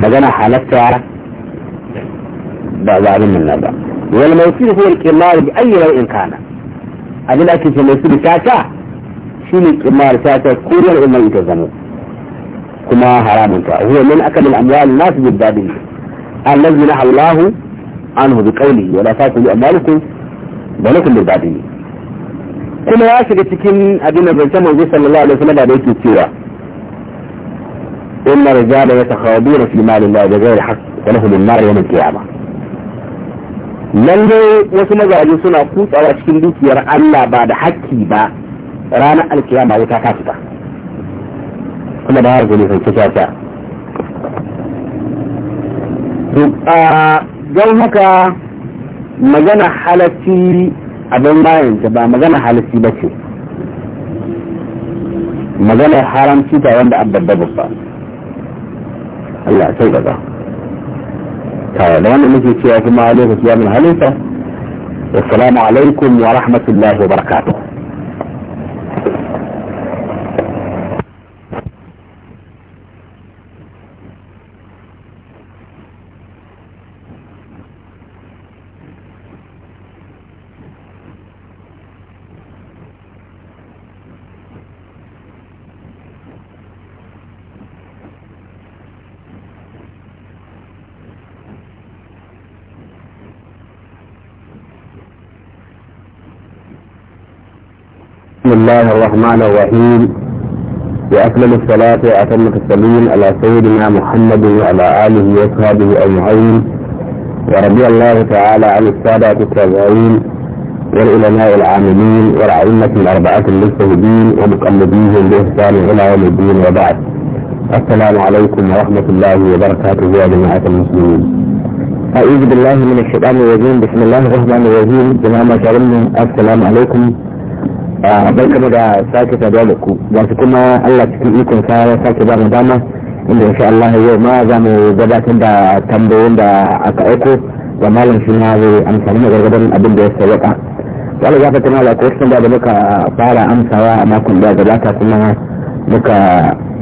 magana halatta ba za abin nan ba wal mawsir da al-qimar bi ayyi in kana abin da ake ce mawsir tata shine qimar tata ko da umma ita zama kuma haramun ta huwa min akal al-amwal nas bil babil allazi nahawlahu anhu bi qawli wa la taqulu amwalukum balakum bil babil kuma ya shiga cikin abin da manzo sallallahu alaihi wasallam da yake cewa إن رجال يتخاضون في مال الله بغير حق ولهم النار يوم القيامة لن يسمى ذلك سنة قوت أو أشكين دوك يرى الله بعد حكي با رانا القيامة وتكافتا كما دار جليسا كشاشا آه جوهك مجانا حالتي أبن باين تبا مجانا حالتي بشي مجانا حرام تيتا وانا أبدا بببا Allah sai daga tare da wannan muke cewa kuma lokaci ya mun halitta assalamu alaikum wa rahmatullahi wa barakatuh بسم الله الرحمن الرحيم وأكمل الصلاة وأتم التسليم على سيدنا محمد وعلى آله وأصحابه أجمعين ورضي الله تعالى عن السادة التابعين والعلماء العاملين والأئمة الأربعة المجتهدين ومقلديهم بإحسان إلى يوم الدين وبعد السلام عليكم ورحمة الله وبركاته يا جماعة المسلمين أعوذ بالله من الشيطان الرجيم بسم الله الرحمن الرحيم جماعة السلام عليكم bai kama da sake saduwa da ku ga kuma Allah cikin ikon sa ya sake ba mu dama inda insha Allah yau ma za mu gabatar da tambayoyin da aka aiko ga malam shi na zai amsa mana gargadar abin da ya sauwaka wala za tana da sun da muka fara amsawa a makon da gabata kuma muka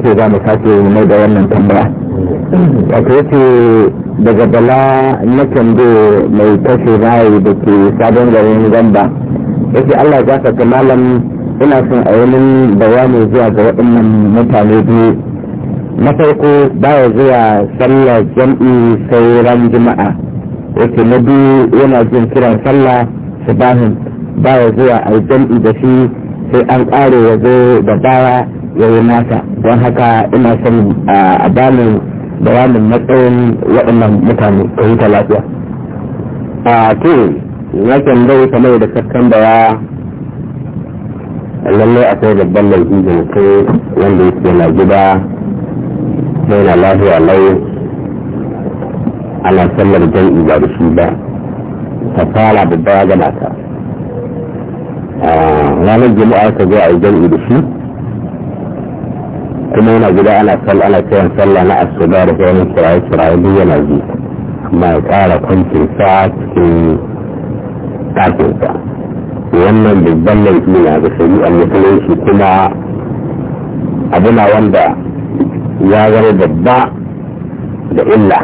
ce za mu sake mai da wannan tambaya wato yace daga bala na kyandu mai tashi rayu da ke sabon garin gamba yake Allah ya gasa ga malam ina son a yi bayani zuwa ga waɗannan mutane biyu na farko baya zuwa sallar jam'i sai ran juma'a yake na biyu yana jin kiran sallah subahin baya zuwa a jam'i da shi sai an ƙare ya zo da baya ya yi nasa don haka ina son a bani bayanin matsayin waɗannan mutane ka yi ta lafiya. nakan dai kamar da kakkan baya lalle akwai babban laifi da mutum wanda yake na gida sai na a lau ana sallar jam'i ba da shi ba ta fara babba ya gama ta ranar juma'a ta zo a yi jam'i da shi kuma yana gida ana sal ana kiran sallah na asuba da sauran kiraye kiraye duk yana ji amma ya kara kwancin sa cikin ɗakinsa wannan babban laifi na da shari'ar musulunci kuma abuna wanda ya zama babba da illa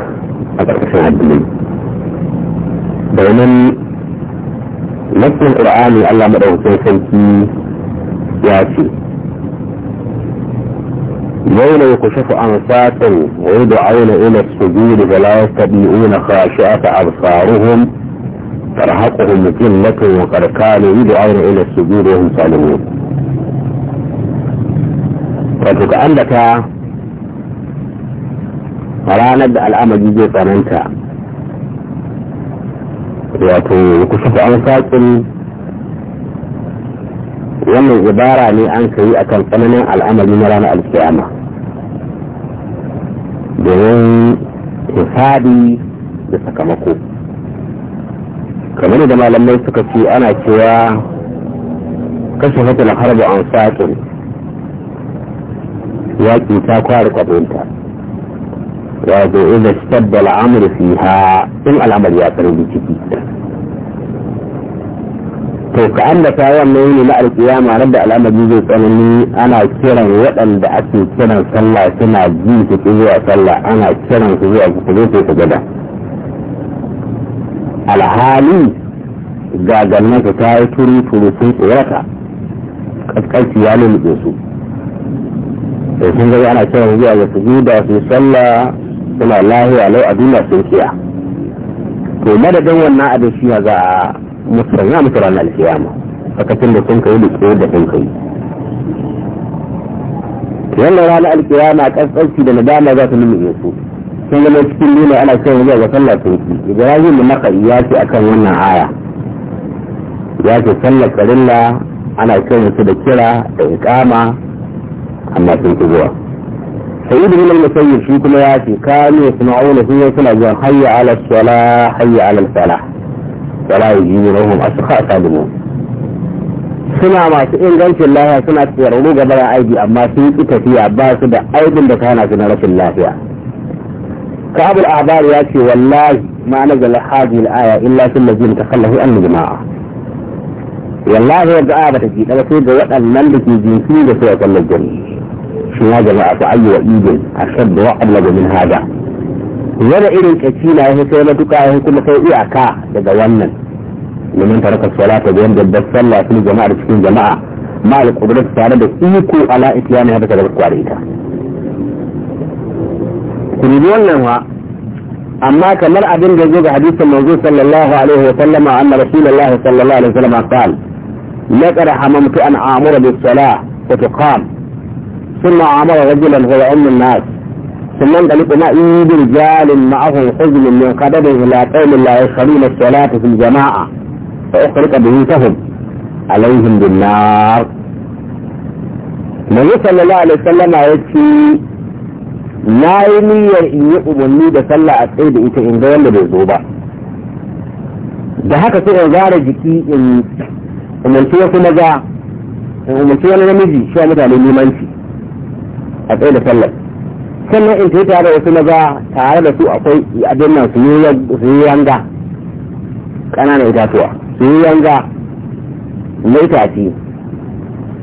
a ƙarƙashin addini domin nassin ƙur'ani allah maɗaukakin sarki ya ce يوم يكشف عن ساق ويدعون إلى السجود فلا يستطيعون خاشعة أبصارهم ترهقهم ذلة وقد كانوا يدعون إلى السجود وهم صالمون فتك عندك فلا نبدأ الأمر جيجي فننتا وتو كشف عن ساكن ومن عبارة لي أن كي أكل فننا الأمر جمران الكيامة دون إفادي بسكمكو kamar da malamai suka ce ana cewa kashe na harbi an ya yaƙi ta kwari kwabinta wato idan stadda al'amur fi ha in al'amar ya tsarbi ciki to ka an da kayan mai ne na alƙiyama ran da al'amari zai tsanani ana kiran waɗanda ake kiran sallah suna ji su zuwa sallah ana kiran su zuwa ku zo ku gada alhali gagannansa ta yi turu turu sun tsorata ƙasƙarci ya lulluɓe su da sun zai ana kiran zuwa ga da su sallah suna lahiya lau a duniya sun kiya to madadin wannan abin shi za a ya mutu ranar alkiyama sakacin da sun kai da tsohon da sun kai wannan ranar alkiyama ƙasƙarci da nadama za su lulluɓe su sun zama cikin dole ana kiran zuwa ga sallah sun ci ibrahim da maka ya ce akan wannan aya ya ce sallah karilla ana kiran su da kira da iqama amma sun fi zuwa sayyid bin al-musayyib shi kuma ya ce kanu yasma'una sun suna zuwa hayya ala salah hayya ala salah wala yujibunahum asqa salimun suna masu ingancin lafiya suna tsararru gaba da aiki amma sun yi tafiya ba su da aibin da kana su na rashin lafiya كعب الأعبار ياتي والله ما نزل هذه الآية إلا في الذين تخلفوا عن الجماعة والله يرجع آبت في تلسيد وقع الملك الجنسي لسوء كل الجنة شنها جماعة أي وإيجل أشد وأبلغ من هذا ولا إلي كتينا هي سيما تقع هي كل شيء أكا لدوانا لمن ترك الصلاة بين جدد صلى في الجماعة لسكين جماعة مالك قدرت فعلا بسيكو على إتيانها بسبب القواريكا ku dubi wannan ha amma kamar abin da zo ga hadisin manzo sallallahu alaihi wa sallam anna rasulullahi sallallahu alaihi wa sallam qala laqad hamamtu an amura bis salah wa tuqam thumma amara rajulan huwa ummun nas ثم انطلق معي برجال معهم حزن من قدره الى قوم لا يشهدون الصلاة في الجماعة فأخرق بيوتهم عليهم بالنار النبي صلى الله عليه وسلم يأتي na yi niyyar in yi umarni da sallah a tsaye da ita in ga wanda bai zo ba da haka sai in zara jiki in umarci wasu maza in umarci wani namiji shi mutane limanci a tsaye da sallah sannan in tafi tare da wasu maza tare da su akwai abin nan su yi yanga ƙananan itatuwa su yi yanga na itace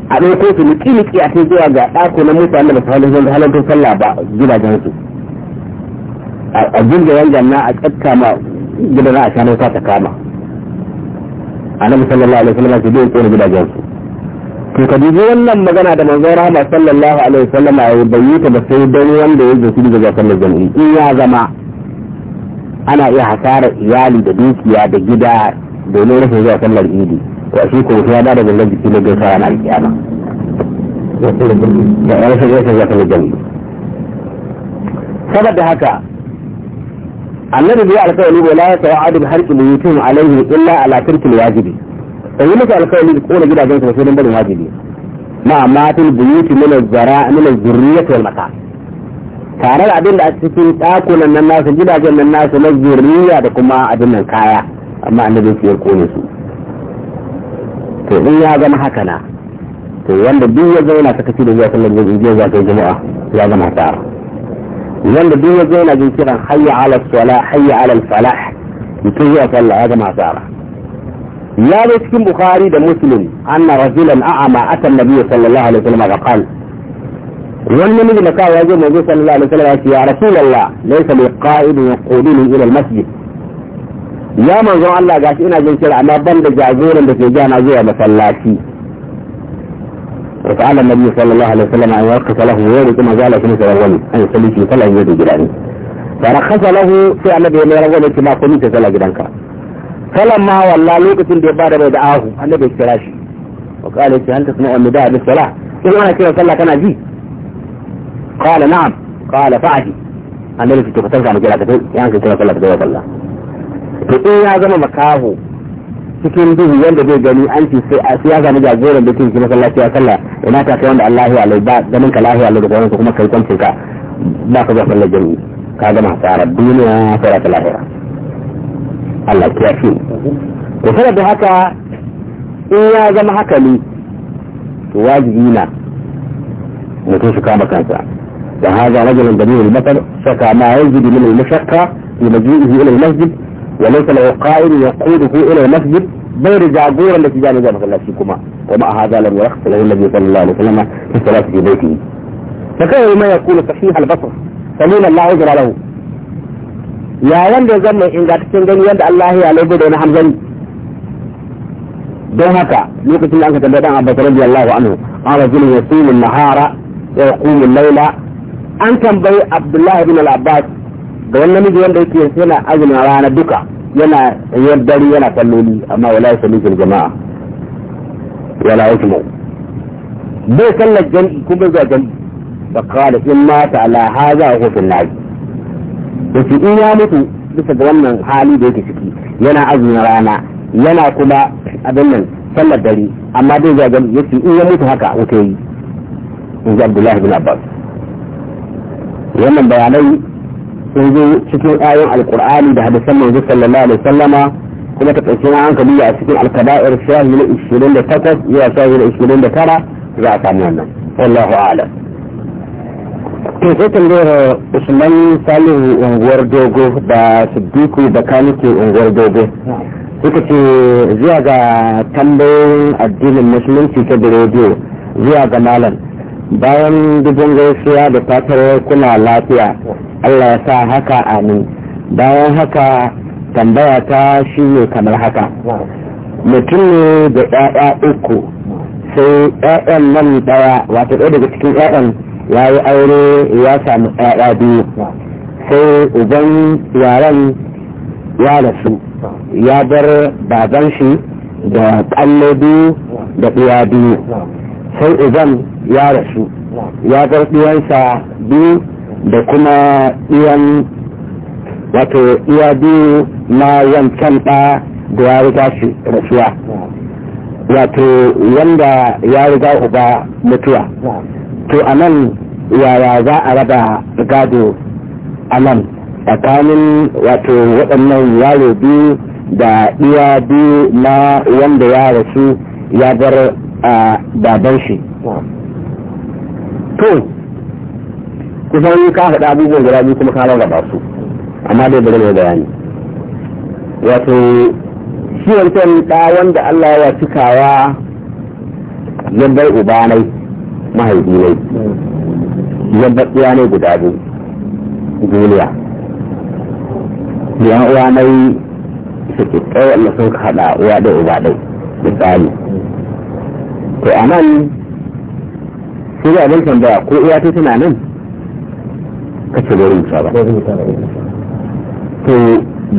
a ɗauko su niki niki a zuwa ga ɗako na mutane da ba su halin halittun sallah ba gidajen su a jirgin na a tsakka ma gidana a shanar ta ta kama annabi sallallahu alaihi wasallam su biyan tsoron gidajen su to ka dubi wannan magana da manzon rahama sallallahu alaihi wasallam ya bayyi ta ba sai dan wanda ya zo cikin daga sallar jami'i in ya zama ana iya hasarar iyali da dukiya da gida domin rashin zuwa sallar idi wa shi ko ya da daga jiki na gaisa yana alƙiyama da ya san yasa zaka jami saboda haka annabi bai alƙawari ba la ya sawa adil harki da yutum alaihi illa ala tarkil wajibi sai muka alƙawari da kona gidajen sa sai dan barin wajibi ma matul buyuti min az-zara min az-zurriyyah wal makan tare da abin da a cikin ɗakunan nan nasu gidajen nan nasu na zuriya da kuma abin nan kaya amma annabi sai ya kone su to in ya zama haka na to wanda duk ya zauna ta kaci da zuwa sallar zuwa zuwa ta jama'a ya zama hasara wanda duk ya zauna jin kiran hayya ala sala hayya ala falah mutum zuwa sallah ya zama hasara ya zo cikin bukhari da muslim anna rajulan a'ama atan nabiyyu sallallahu alaihi wasallam ga qal wani namiji da kawai ya zo manzo sallallahu alaihi wasallam ya ce ya rasulullah laysa liqa'idun yaquduni ila al-masjid يا manzon Allah gashi ina jin kira na ban da jagoran da ke jana zuwa النبي صلى الله عليه وسلم ان يرخص له غيره كما قال في مثل الغني ان يصلي في صلاه يد جيرانه فرخص له في النبي يقول له رجل كما قلت في صلاه جيرانك فلما ولى لوكس بن بعد بعد اه النبي الشراشي وقال انت هل تسمع النداء بالصلاه؟ كيف انا كيف صلى كان جي قال نعم قال فعدي النبي في تفتح عن كذا كتب يعني كذا صلى كذا صلى to in ya zama makaho cikin duhu wanda zai gani an ci sai ya zama jagoran da cikin masallaci ya sallah ina ta kai wanda Allah ya alai ba ganin ka lahiya Allah da gwanin kuma kai kwancin ka ba ka zuwa sallar jami'i ka gama tsara duniya tsara ta lahira Allah ya fi to sanar da haka in ya zama haka ne to wajibi na mutum shi kama kansa da haza rajulun da ne bakar saka ma ne min al da fi maji'ihi ila al-masjid وليس له قائد يقوده الى المسجد بين جعبور التي جانب جانب نفسكما ومع هذا لم يرخص له النبي صلى الله عليه وسلم في صلاة في بيته فكان ما يقول صحيح البصر سليم لا عذر له يا وان ده زمن ان ذاك كان غني الله يعلم بده انا حمزني دون هكا لوقت ان انت بدان ابو بكر رضي الله عنه قال رجل يصوم النهار ويقوم الليل انت بي عبد الله بن العباس da wani namiji wanda yake yanzu yana azumin rana duka yana yan dare yana kalloli amma wala ya sami jama'a wala ya kuma bai sallar jam'i kuma zuwa jan'i ba kawai in mata ala haza a hufin da su in ya mutu bisa ga wannan hali da yake ciki yana azumin rana yana kuma abin nan sallar dare amma dai zuwa jan'i ya in ya mutu haka wuta yi in ji abdullahi bin abbas wannan bayanai sun zo cikin ayoyin alkur'ani da hadisan manzo sallallahu alaihi wasallama kuma ta ƙarshen na hankali a cikin alkaba'ir shahi na 28 zuwa shahi na tara za a samu wannan wallahu a'lam to sai tambayar usman salihu unguwar dogo da siddiqu da kanike unguwar dogo suka ce zuwa ga tambayoyin addinin musulunci ta da rediyo zuwa ga malam bayan dubin gaisuwa da fatar kuna lafiya Allah ya sa haka amin bayan haka tambaya ta shi ne kamar haka mutum ne da ɗaya uku sai ɗayan nan ɗaya wato ɗaya daga cikin ɗayan ya yi aure ya samu ɗaya biyu sai uban yaren ya rasu ya bar baban shi da ƙallo biyu da ɗaya biyu sai uban ya rasu ya bar ɗuwansa biyu da kuma iyan wato iya biyu na wancan ɗa da ya riga shi rasuwa wato wanda ya riga uba mutuwa to a nan yaya za a raba gado a nan tsakanin wato waɗannan yaro biyu da iya biyu na wanda ya rasu ya bar a baban shi to kusan ka haɗa abubuwan guda biyu kuma ka rarraba su amma dai bari mai bayani wato shi wancan ɗa wanda Allah ya cikawa ya bai ubanai mahaifi ne ya ne guda biyu duniya biyan uwa nai suke tsaye wanda sun ka haɗa uwa ɗai uba ɗai misali to a nan sai ga abin tambaya ko uwa ta tana nan kace bai rubuta ba to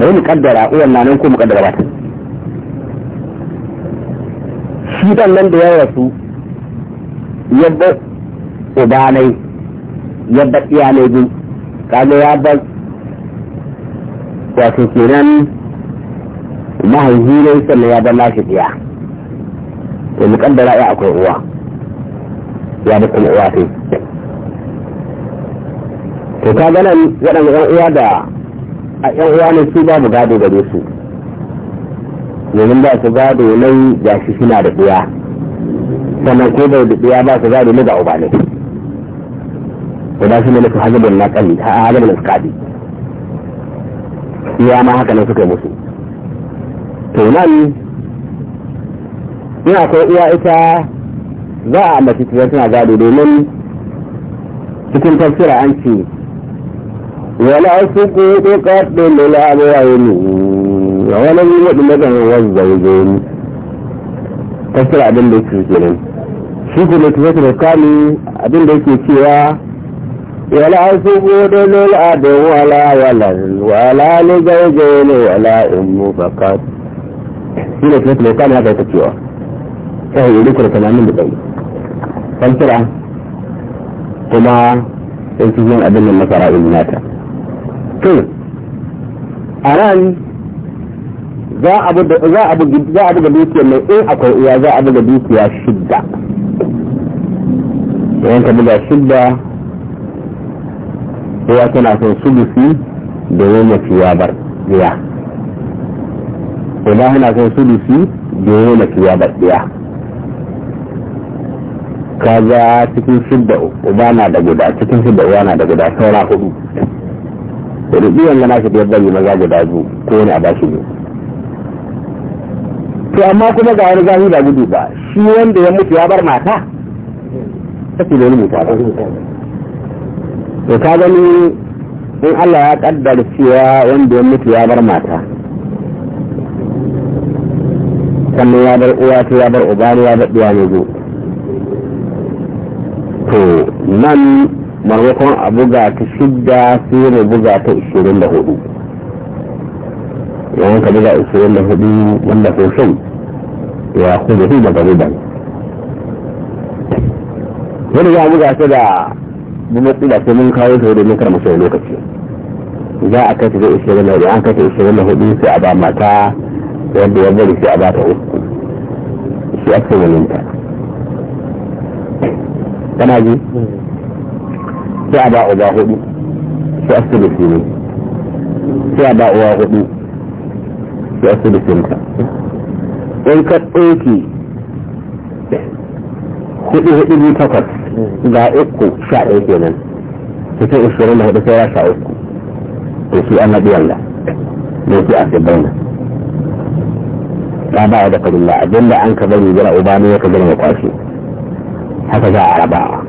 da mu kaddara uwan nan ko mu kaddara ba shi dan nan da ya rasu yadda ubanai yadda iyalai biyu kaga ya bar wato kenan mahaifi ne sannan ya bar nashi biya to mu kaddara ya akwai uwa ya da kuma uwa sai to ka ganin waɗanda yan uwa da a ɗan uwa ne su babu gado gare su domin ba su gado nan ga shi suna da ɗaya sannan ko bai da ɗaya ba su gado ne ga uba ne to da shi ne su hazabin naƙali a hazabin iskaɗi iya ma haka nan suka yi musu to nan in akwai iya ita za a mace suna gado domin cikin tafsira an ce wala su kudu kaɗe da labarai yi ne a wani yi wadda na kan yawan zaube ne ta shi abin da yake ke nan shi ku ne tuwata da kami abin da yake cewa wala su kudu labarai wala wala wala ne zaube ne wala in mu baka shi ne tuwata da kami haka yi ta cewa ta hanyar yi kura talamin da bai kan kira kuma yankin yin abin da masara ilmata to a ran za a buga dukiya mai in akwai uwa za a buga dukiya shidda yawan ka buga shidda uwa tana son sulusi domin mace ya bar biya idan ana son sulusi domin mace ya bar biya kaga cikin shidda uba na da guda cikin shidda uwa na da guda saura hudu rubiyan na shi da bari maza guda biyu ko wani a bashi ne to amma kuma ga wani zahi da gudu ba shi wanda ya mutu ya bar mata ta fi wani mutu ba to ka gani in Allah ya kaddar cewa wanda ya mutu ya bar mata sannan ya bar uwa ta ya bar uba ya bar uwa ne zo to nan maimakon a buga ta shida sai ne buga ta ishirin da hudu yawan ka buga ishirin da hudu wanda sosai ya da shi daga rudan wani ya buga ta da bumatsi da sai mun kawo ta domin kar mu sai lokaci za a kai ta da ishirin da hudu an kai ta ishirin da hudu sai a ba mata yadda ya bari sai a ba ta uku shi aka yi ta kana ji mm. sai a ba uba hudu sai a su da shi ne sai a ba uwa hudu sai a su da shi in ka ɗauki hudu hudu biyu takwas ga uku sha ɗaya kenan cikin ishirin da hudu sai ya sha uku to shi an haɗu yalla da shi a su bayyana ta ba da kabila abinda an ka bari gara uba ne ya ka gina kwashe haka za a rabawa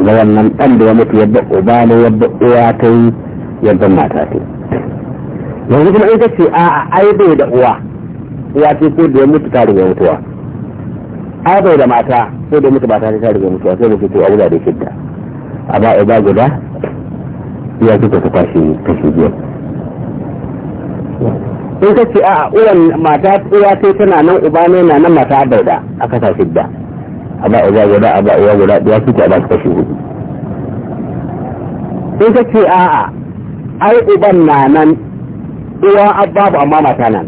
ga wannan ɗan da ya mutu yadda uba ne yadda uwa ta yi yadda mata ta yanzu kuma in ka ce a ai bai da uwa uwa ce ko da ya mutu ta riga mutuwa ai bai da mata ko da mutu ba ta ta riga mutuwa sai mutu to a guda da shidda a ba uba guda ya kika ta kashe kashi biyar in ka ce a uwan mata uwa ce tana nan uba ne na nan mata bai da aka sa shidda aba uwa guda aba uwa guda ya suke ba su kashi hudu sai ta ce a'a ai uban na nan uwa ababu amma mata nan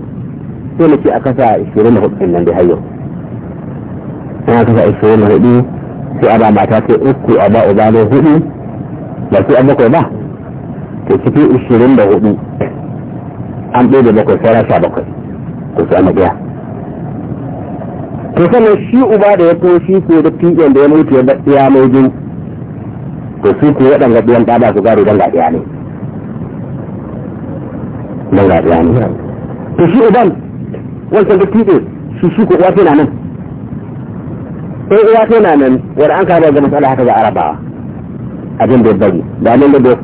sai na ce a kasa 24 ɗin nan da hayo na kasa 24 sai aba mata sai uku aba uba ne hudu ba sai an bakwai ba to cikin 24 an ɗaya da bakwai sai sha bakwai ko sai an biya to sannan shi uba da ya shi ko da tiyan da ya mutu ya batsiya mai jin to su ko waɗanda ɗiyan da ba su gari don ga ne don ga ne to shi uban wancan da tiyan su shi ko wata na nan sai uwa na nan wadda an kawo ga matsala haka ga arabawa abin da ya bari da nan da